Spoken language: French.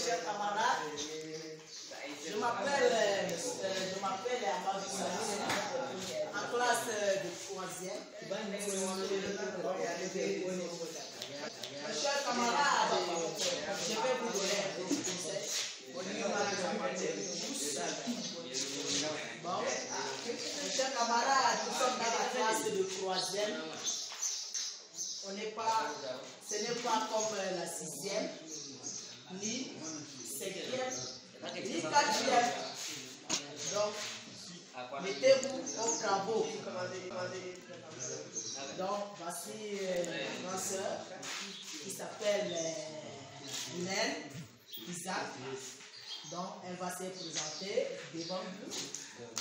chers camarades. Je m'appelle euh, je en classe euh, de troisième. chers camarades, je vais vous donner un conseil. Bon, mes chers camarades, nous sommes dans la classe de troisième. On n'est pas, ce n'est pas comme euh, la sixième cinquième, ni quatrième. Donc, mettez-vous au tableau. Donc, voici euh, ma soeur qui s'appelle Hélène euh, Isaac. Donc, elle va se présenter devant vous.